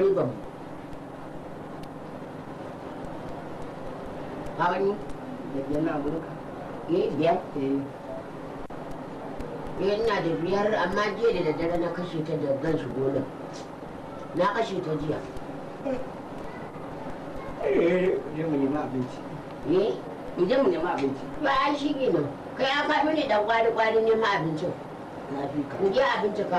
riban na da biyar eh, eh. Eh, da kashe ta da gan su gonan na kashe ta jiya eh mu nema abinci eh mu nema abinci ba shi kai ya faɗi ne dan kwari kwari nema abincin na fi ka je abinci ka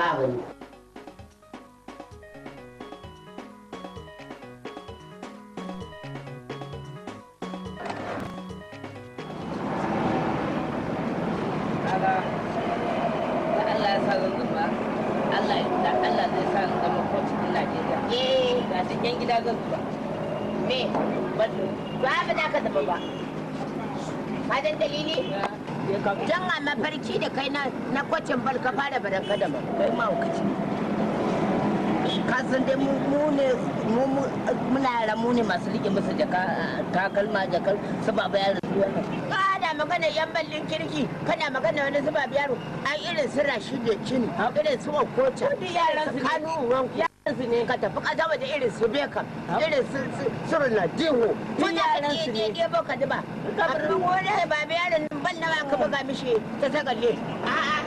me ba ba za ka tafi ba dalili don a mafarki da kai na kwacin bal ka fara da kai ma kasan dai mu ne muna yara mu ne masu rike musu takalma jakar su baba yaro su kana magana yan ballin kirki kana magana wani zuba biyaro an irin su rashi da cini irin su okocha duk yaran su kanu su ne ka tafi kadawa da irin su bekam irin su surun na diho tun yaran ka ne ke ba ka duba kamar wani ba mai yaran nan ban nawa ka buga mishi ta sagalle a'a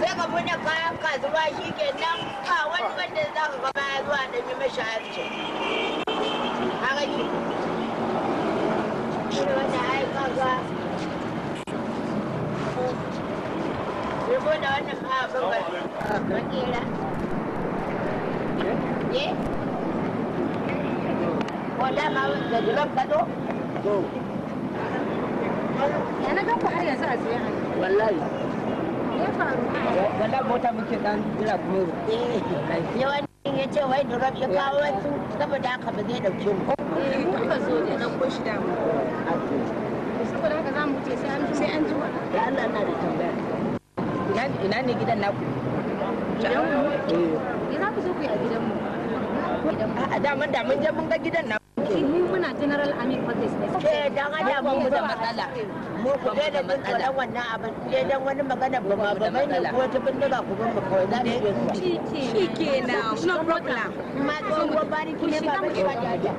sai ka bude kayan kasuwa shi ke nan ba wani wanda za ka gaba ya zuwa da yi mashi harshe a gani irin wanda da wannan je ko dama da jolof ka zo ya ganku har yanzu a tsaye wallahi mota muke dan jira kuma eh, ya ce wai ya kawo wasu saboda haka ba zai dauke mu eh, zo nan ko shida mu saboda haka za mu ce sai an sai an ji ya Allah na da tambaya ina ne gidan naku gidan mu eh, eh ku zo ku a gidan mu A daman daman je mun ga gidan na. Mu muna General Amir Fatis ne. Eh dan Allah mu da matsala. Mu ku ga da matsala wannan abin dan wani magana ba ma ba mai wata bindiga ku No problem. Ma zo ki ne ba ba je.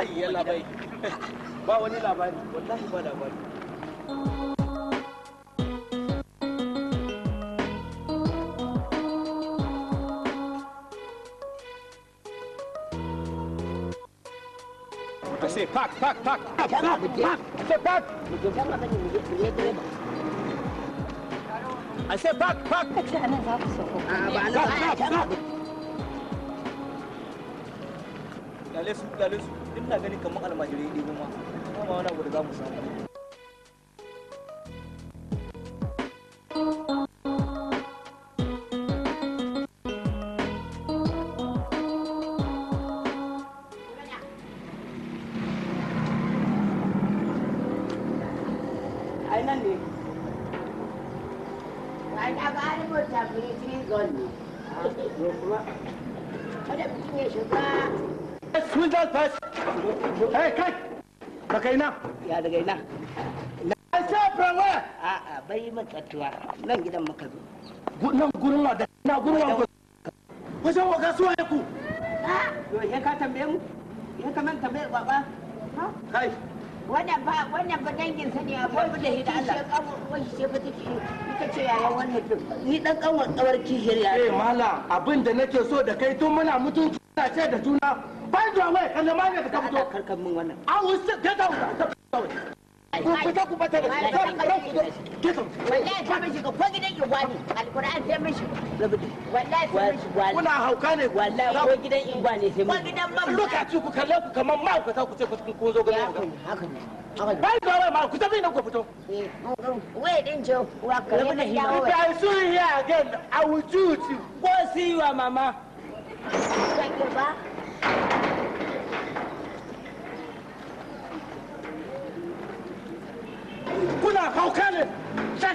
kai ya labai ba wani labari wallahi ba labari Say pack, pack, pack, I say pack, pack. lale duk na kamar almajirai ne kuma ma wani abu da za mu samu Allah daga ina na wa! A a bai makatuwa nan gidan muka zo nan gurin wa da na gurin wa wajen wa kasuwa ya ku yo he ka tambaye mu Ya ka man tambaye baba kai wannan ba wannan ba dangin sa ne akwai da hidda Allah wai shi ba take ita ce yaya wannan din ni dan kanwan kawar kishir ya eh mala abin da nake so da kai tun muna mutunci ce da juna ban da wai kana ma ne da ka fito karkan mun wannan a wusa ga da ku fita ku bata gidan kuna hauka ne ko gidan igwani sai mun gidan mamma lokaci ku kalle ku kaman ma ku ta ku ce ku zo gidan ku haka bai ga wai ma ku tafi nan ku fito eh, wai din jo wa ka ne da wai if i see you again i will shoot you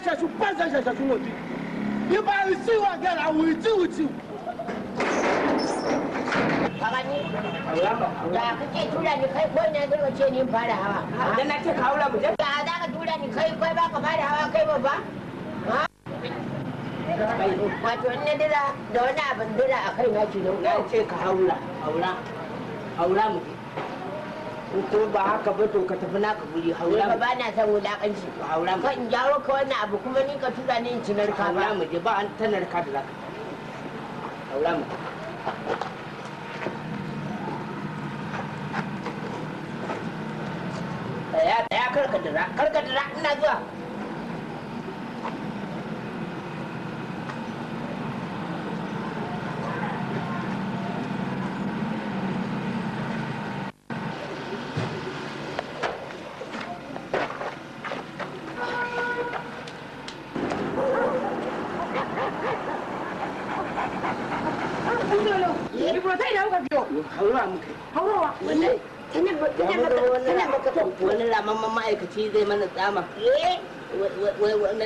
shashu banza shashu wotu if i will see you again i will deal with you. da kake tura ni kai kwai na gaba ce ni fara hawa. Ah, da na ce kawo lagu. Da za ka tura ni kai kwai ba ka fara hawa kai ba ba. Wato ne dira da wani abin dira a kai na ki nan. Na ce ka haula, haula, haula mutum. ko ba haka ba to ka tafi naka guri haura ba ba na san wulakanci haura ka in jawo ka wannan abu kuma ni ka tura ni in ci narka ba mu je ba an ta narka da zaka haura mu ya ya karka dira karka dira ina zuwa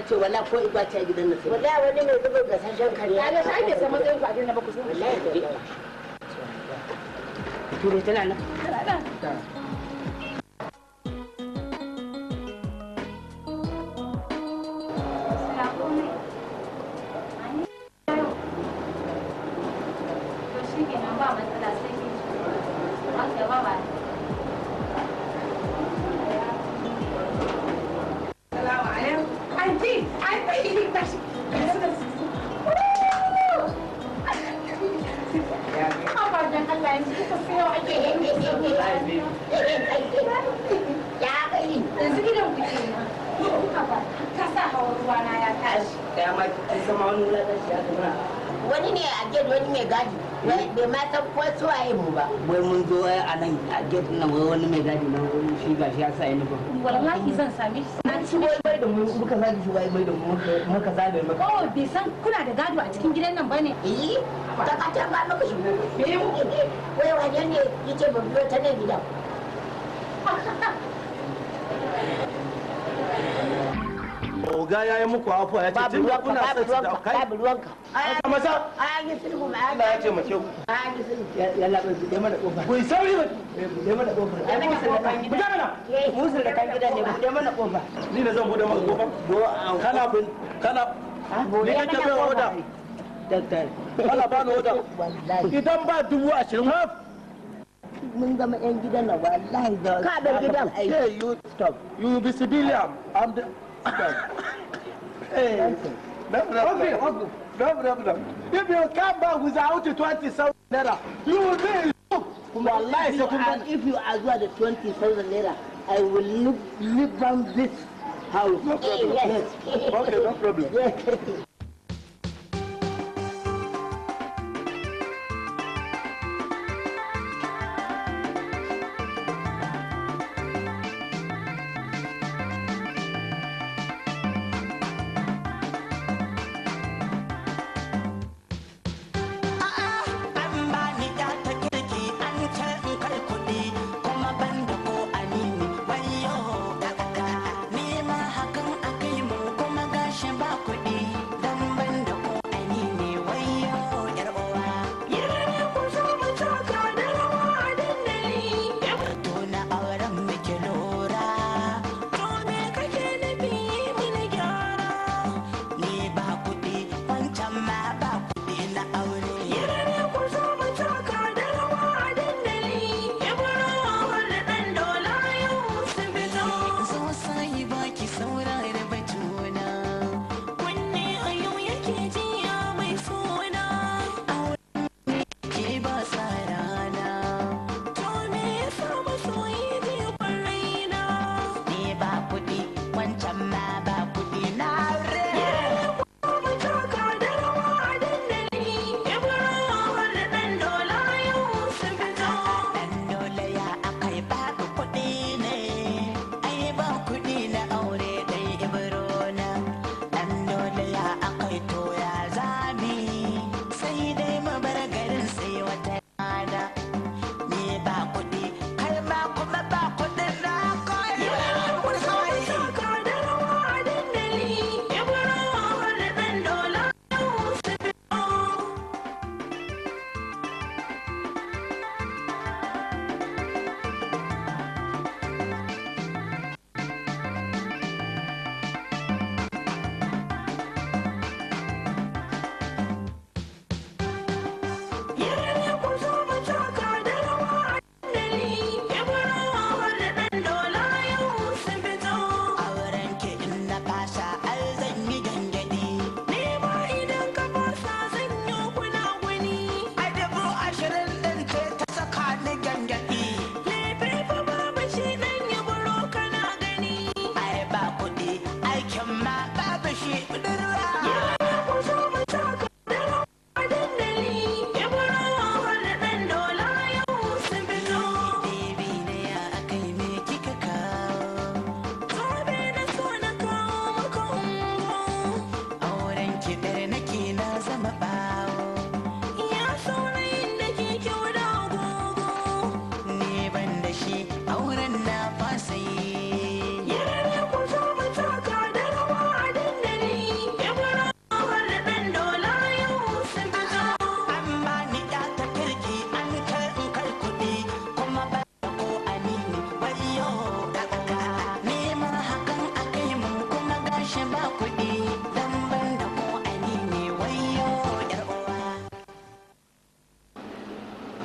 ce wala ko iba ta gidan nan sai wala wani mai zubar zuba gasashen kariya ga sai ake sama zai fadin na ba ku so wallahi turai tana nan tana nan wannan wai wani mai gadi na wani shi ga shi ya sa yana ba wallahi zan sami shi na ci wai mai da mu muka zaga shi wai mai da mu muka zaga maka oh bai san kuna da gado a cikin gidan nan bane eh ta ka ta ba maka shi eh wai wajen ne yace babbar ta ne gidan oga ya yi muku hafu ya ce tun da kuna sai ta da kai babu ruwanka a masa an yi sulhu ma ya ce mace yi sulhu yalla mana kofar ku sauri ba eh, mana kofar musu da kan gida mana eh, musu da kan gida ne mana kofar ni da zan bude maka kofar kana bin kana ah, ni kake bai oda daktar kana ba ni oda idan ba dubu ashirin haf mun zama 'yan gidan na wallahi da gidan hey you stop you be civilian i'm the Hey. No, no, no. Okay. No, no, If you come back without the 20,000 naira, you will be in if, you if you are the 20,000 naira, I will live, live down this house. No problem. Yes. Okay, no problem.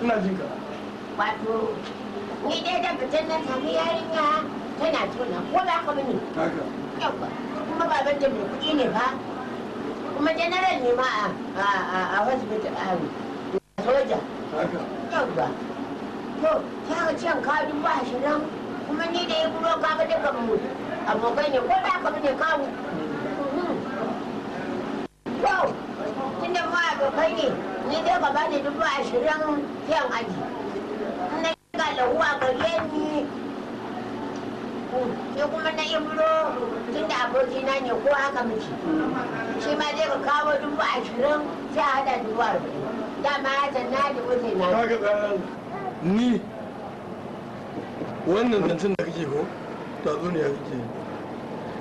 ina jin ka wato ni dai da mutum na samu yarinya tana tona ko za ka mini. haka yawa kuma ba da mai kuɗi ne ba kuma general ne ma a hospital a hari. soja Haka. Yau ba. to ta ga can ka dubu ashirin kuma ni da ya buro ka ga duka mu abokai ne ko za ka mini kawo hmm. Wow! wannan ma ne ni dai bani dubu ashirin fiyan kuma na ibro tun da abokina ne ko haka mace shi ma dai ka kawo dubu ashirin sai a hada dubu arba'in dama ya da wuce na ni wannan zancen da kake ko kake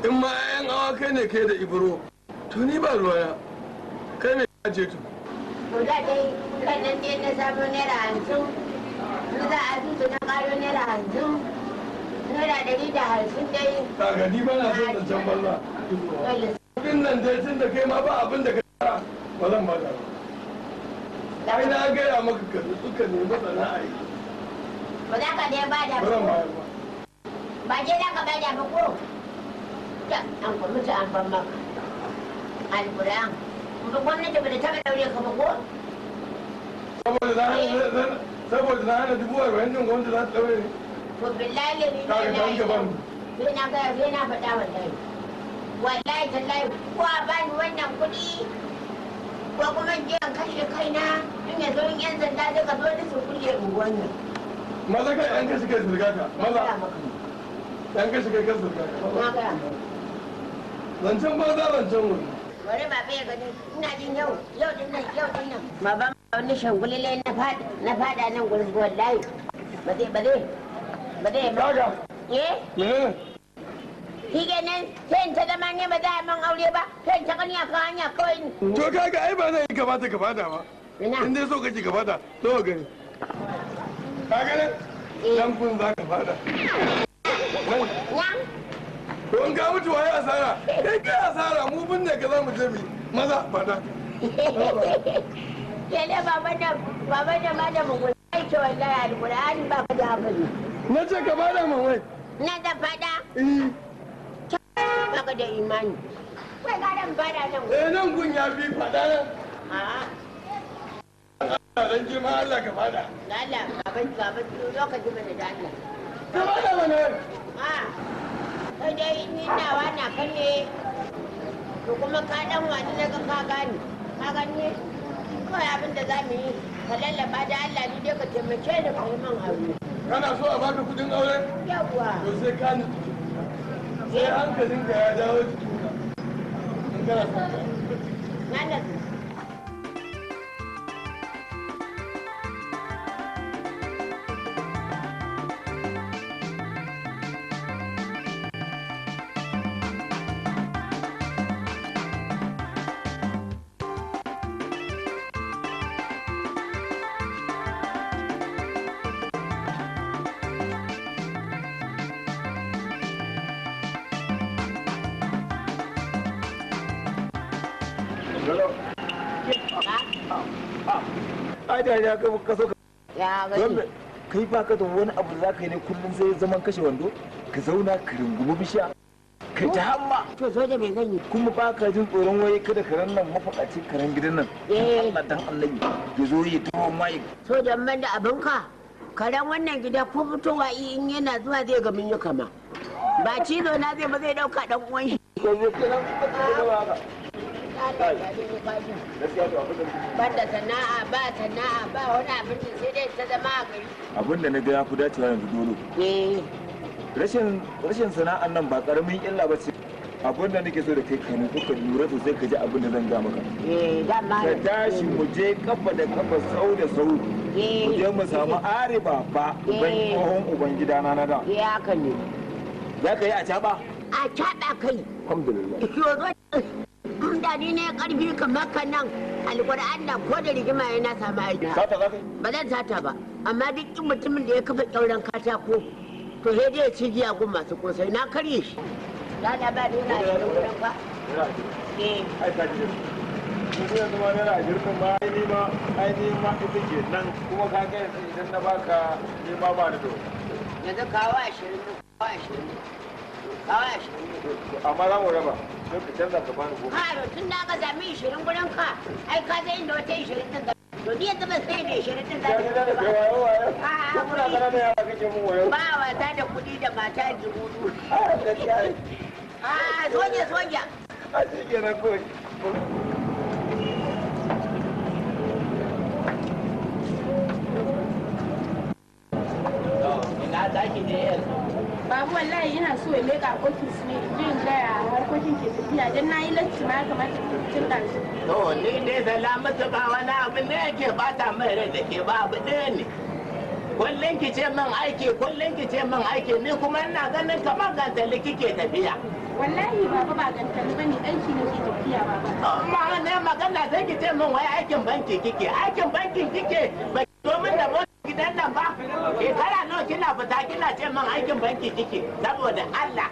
in ma 'ya'yan awa kai ne kai da ibro to ni ba ruwana ajiye tu to da dai kan nan dai na samu naira hamsin na za a zuci na ƙaro naira hamsin naira ɗari da hamsin dai kaga ni ba na son zancen banza abin nan dai tun da kai ma ba abin da ka tara ba zan ba da ai na gaya maka ka suka nemi sana'a yi ba za ka dai ba da ba ba je za ka ba da ba ko ta an kuma ta an ban maka alƙur'an kuma gwamnati ba da taɓa ɗaure ka ba ko saboda za saboda na hana dubu arba'in din gwamnati za ta daure ne to billahi ne ne na yi sai na gaya sai na faɗa wallahi wallahi tallahi ko a bani wannan kuɗi ko kuma jiyan kashe kaina in ya zo yan zanda daga zo da su kulle unguwan nan maza ka yan kashe kai zirga ka maza yan kashe kai ka zirga ka zancen ba za zancen wani bari ba bai gani ina jin yau yau din nan yau din nan ma ba wani shangulile na fada na fada nan gurin wallahi ba zai ba zai ba zai ba eh eh shi kenan ta zama ne ba za a man aure ba sai ta gani a kan hanya kawai ne. to ga ai ba zai kamata gabata fada ba in dai so kake gabata to to gani kaga eh. nan dan kun za ka fada nan to in ka mutu waye asara kai kai asara mu bin ne ka za mu je mu maza ba da kele baba da baba da ma da mu ai ce wallahi alqur'ani ba ka da hafi na ce ka bada mun wai na da fada eh ba ka da imani kai ga dan bada nan eh nan gun ya bi fada nan a'a dan girma Allah ka fada Allah baban baban lokacin da Allah ka bada mana a kai dai yi nawa na ka ne to kuma ka dan wani na ga ka gani ka gani kawai abin da za mu yi ka lallaba da Allah ni dai ka taimake ni ka yi man aure kana so a bani kudin aure yawa to sai ka ni sai ka ya dawo jikinka in kana so ka kai ba ka da wani abu za ka yi ne kullum sai zaman kashe wando ka zauna ka rungumi bishiya ka ta hamma to zo da me zan yi kuma ba ka jin tsoron waye kada karen nan mafakaci karen gidan nan eh. Allah dan annabi ya zo ya tawo mai so da man da abin ka karen wannan gida ko fitowa in yana zuwa zai ga mun yi kama ba cizo na zai ba zai dauka dan uwan shi ban da sana'a ba sana'a ba wani abinci sai dai ta zama a gari abin da na ga ku dace dacewa yanzu dole eh. rashin rashin sana'an nan ba karamin illa ba ce abin da nake so da kai kanu kuka lura sosai ka ji abin da zan ga maka eh, ka tashi mu je kafa da kafa sau da sau eh. mu je mu samu ariba ba ban tsohon uban na na da ya ka ne za ka yi a caba a caba kai alhamdulillah da ni ne karfi kamar ka nan alƙur'an nan ko da rigima yana samu aiki sata za ba zan sata ba amma duk mutumin da ya kafa kyauren katako to sai dai ya ci giya gun masu kosai na karye shi Lada ba ni na yi wurin ba. Eh. Ai ka ji. Kuma yanzu ma naira ashirin ba ai nima ma ai ni ita ke nan kuma ka ga yanzu idan na baka ni ma ba ni to. Yanzu kawo ashirin kawo ashirin. kawo ashirin amma za mu raba sai ka canza ka bani goma ha to tun da ka sami ishirin gurin ka ai ka zai inda wata ishirin din da to ni yanzu ban sai da ishirin din da ka zai da kai wayo wayo ko kuna kana da yawa kake mun wayo ba wata da kuɗi da mata dubu dubu a ah, gaskiya a soja soja a ah, shi kenan kawai Zaki ne yanzu. babu wallahi yana so ya mega ofis ne in in gaya harkokin ke tafiya dan nayi lacci ma kamata ke cikin su. to ni dai salamatu ba wani abu ne yake bata mai rai da ke ba abu ɗaya ne. kullum ki ce min aiki kullum ki ce min aiki ni kuma ina ganin kamar gantali kike tafiya wallahi baba ba gantali bane aiki ke tafiya baba amma ne magana sai ki ce min wai aikin banki kike aikin bankin kike ba domin da mota. gidan nan ba shekara nawa kina fita kina ce man aikin banki kike saboda Allah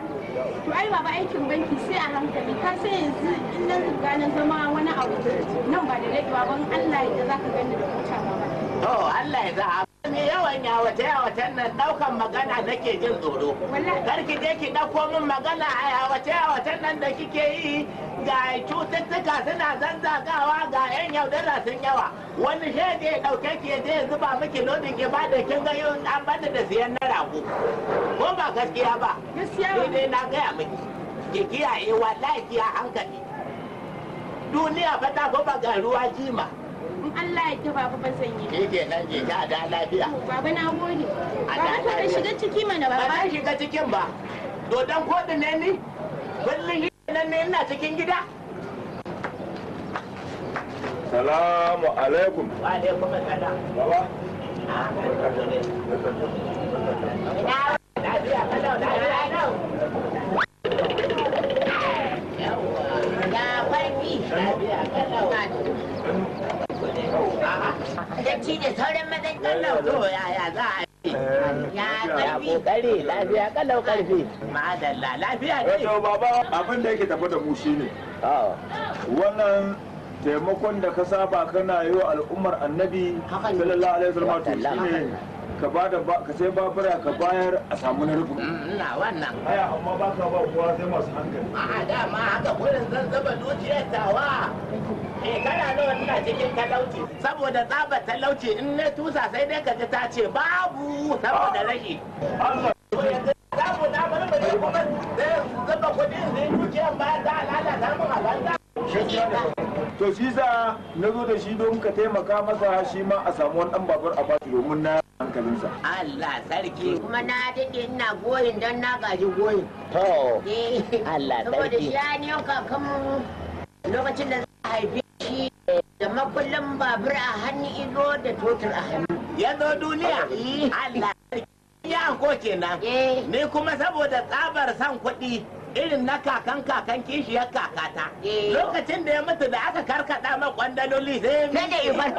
to ai baba aikin banki sai a hankali ka sai yanzu in nan zuga zama wani abu nan ba da daɗewa ban Allah ya zaka gani da mutane ba to Allah ya za Mai yawan yawace yawacen nan daukan magana nake jin tsoro. Karki je ki dauko min magana a yawace yawacen nan da kike yi ga cututtuka suna zanzagawa ga yan yaudara sun yawa. Wani shege ya dauke ki je zuba miki lodin ki bada kin ga yau an bada da siyan na rago. Ko ba gaskiya ba. Gaskiya. Dai na gaya miki. Ki kiyaye wallahi kiya hankali. Duniya fa ta ba ga ruwa jima. in Allah ya ta baba ban sanye ni ke nan je ka da lafiya baba na gode baba ta ka shiga ciki mana baba ba shiga cikin ba dodon koɗi ne ni kullum nan ne ina cikin gida salamu alaikum wa alaikum assalam baba ah, Ina lafiya, kalau lafiya, kalau mazanci ne sauran mazan yaya za a eh. ya karfi kokari lafiya kallon karfi ma'adalla lafiya ne to baba abin da yake tafi da mu shine ah. wannan taimakon da ka saba kana yi wa al'ummar annabi sallallahu alaihi wasallam to shine ka ba da ka sai babura ka bayar a samu na rufin mm, ina wannan aya amma ba ka ba kowa sai masu hankali a dama haka kullum zan zaba dukiyar tawa shekara eh, nawa ina cikin talauci saboda tsaba talauci in na tusa sai dai ka ji ta ce babu saboda rashi samu na barbare kuma zai zaba kudin zai dukiyar ba ta lalata mun a banza to shi sa na zo da shi don ka taimaka masa shi ma a samu wani dan babur a bashi domin na Allah sarki kuma na daɗe ina goyin don na gaji goyin. To eh. Allah sarki. Saboda shi ya ne kakan lokacin da za a haife shi da makullin babur a hannu ido da totur a hannu. Ya zo duniya? Eh. Allah sarki. Ya anko kenan. Eh. Ni kuma saboda tsabar san kuɗi. irin na kakan kakan kishiyar kakata eh. lokacin da ya mutu da aka karkada ma kwandaloli sai mai da ifar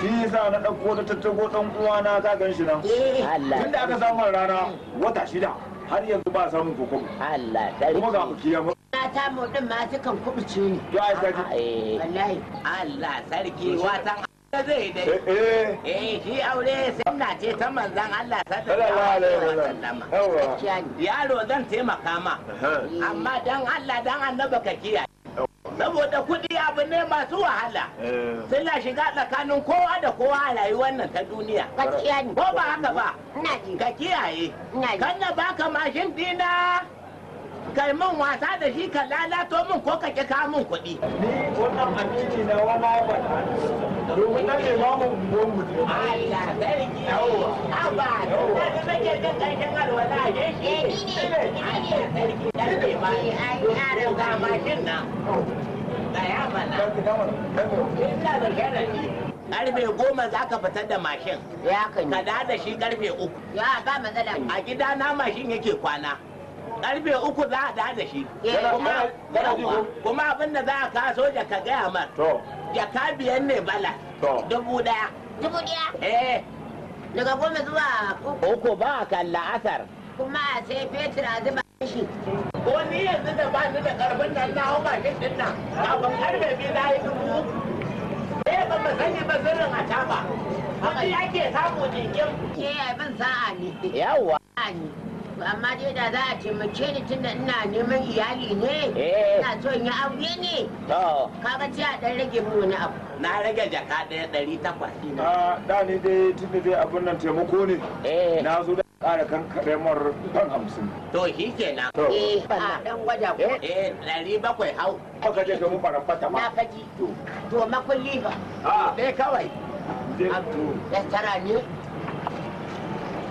shi yasa na ɗauko da tattago uwa na, ka gan shi nan eh. tunda aka samu rana wata shida har yanzu ba samun koko Allah dare kuma ga kukiya ma mata mu din ma sukan kubuce ni to ai sai eh. wallahi Allah sarki watan zai dai shi aure sunna ce ta manzan Allah sallallahu alaihi wasallam yaro zan taimaka ma amma dan Allah dan annaba ka kiyaye saboda kuɗi abu ne masu wahala suna shiga tsakanin kowa da kowa a rayuwar nan ta duniya ko ba haka ba ka kiyaye kan na baka mashin dina kai min wasa da shi ka lalato min ko ka ƙi min kuɗi ni wannan amini na wani abu domin nan ne mamu unguwan mu ne Allah sarki yawa aba da kake jin karshen alwala ne shi eh, ne Allah sarki dan ne ma ya riga mashin nan da ya ina da garanti karfe goma za ka fitar da mashin ka da da shi karfe uku a gida na mashin yake kwana karfe uku za a da da shi eh, kuma abin da za a kawo soja ka gaya mar jaka biyan ne bala dubu daya dubu daya eh daga goma zuwa uku ba a kan la'asar kuma sai fetur a zuba shi ko ni yanzu da ba ni da karfin nan na hau bakin din nan kafin karfe biyu na yi dubu uku eh ba ba sani ba sirrin a taba haka yake samu jinkin ke abin sa'a ne yawwa amma dai da za a taimake ni da ina neman iyali ne eh. ina so in yi aure ne ka ga ce a dan rage mu wani abu na rage jaka ɗaya ɗari takwas a da ni dai tunda dai abun nan taimako ne eh. na zo da ƙara kan karamar ban hamsin to shi ke na eh, a dan gwada ko eh ɗari bakwai hau ka je ka mu fara fata ma na faji to makulli ba dai kawai ya tara ne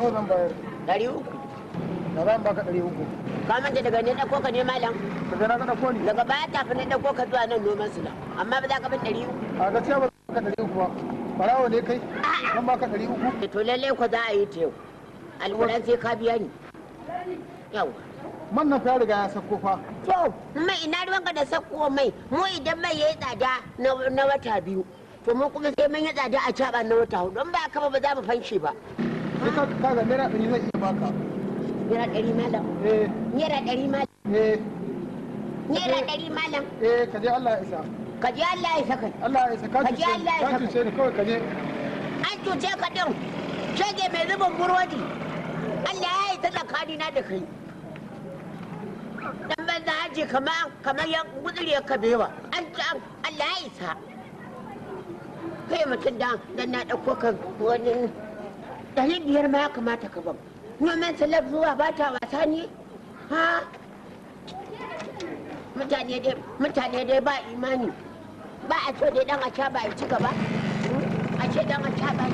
Nawa zan bayar? uku. zan baka uku. Ka manta daga ne ɗauko ka ne malam? Daga na ka Daga baya kafin na ɗauko ka zuwa nan noman su Amma ba za ka bin dari uku. A gaskiya ba za ka uku ba. farawa ne kai? Zan baka dari uku. Eh, to lallai ko za a yi ta yau. sai ka biya ni. man nan riga ya sako fa. To, mai ina da mai, mu idan mai yayi tsada na wata biyu. To mu kuma sai mun yi tsada a caba na wata hudu, don ba haka ba za mu fanshi ba. sai kaga naira ɗari zai iya baka naira ɗari malam eh. naira ɗari malam eh. naira ɗari malam eh Allah ya isa ka Allah ya isa kai Allah ya isa ka Allah ya isa ni kawai an cuce ka din shege mai zubin burodi Allah ya yi ta na da kai dan banza haji kamar kamar ya gutsuri ya kabewa an Allah ya isa kai mutum da na ɗauko ka wani ɗari biyar ma ya kamata ka ban kuma man salaf zuwa ba ta wasa ne ha mutane dai mutane dai ba imani ba a ce dai dan a ba a cika hmm? ba a ce dan a ba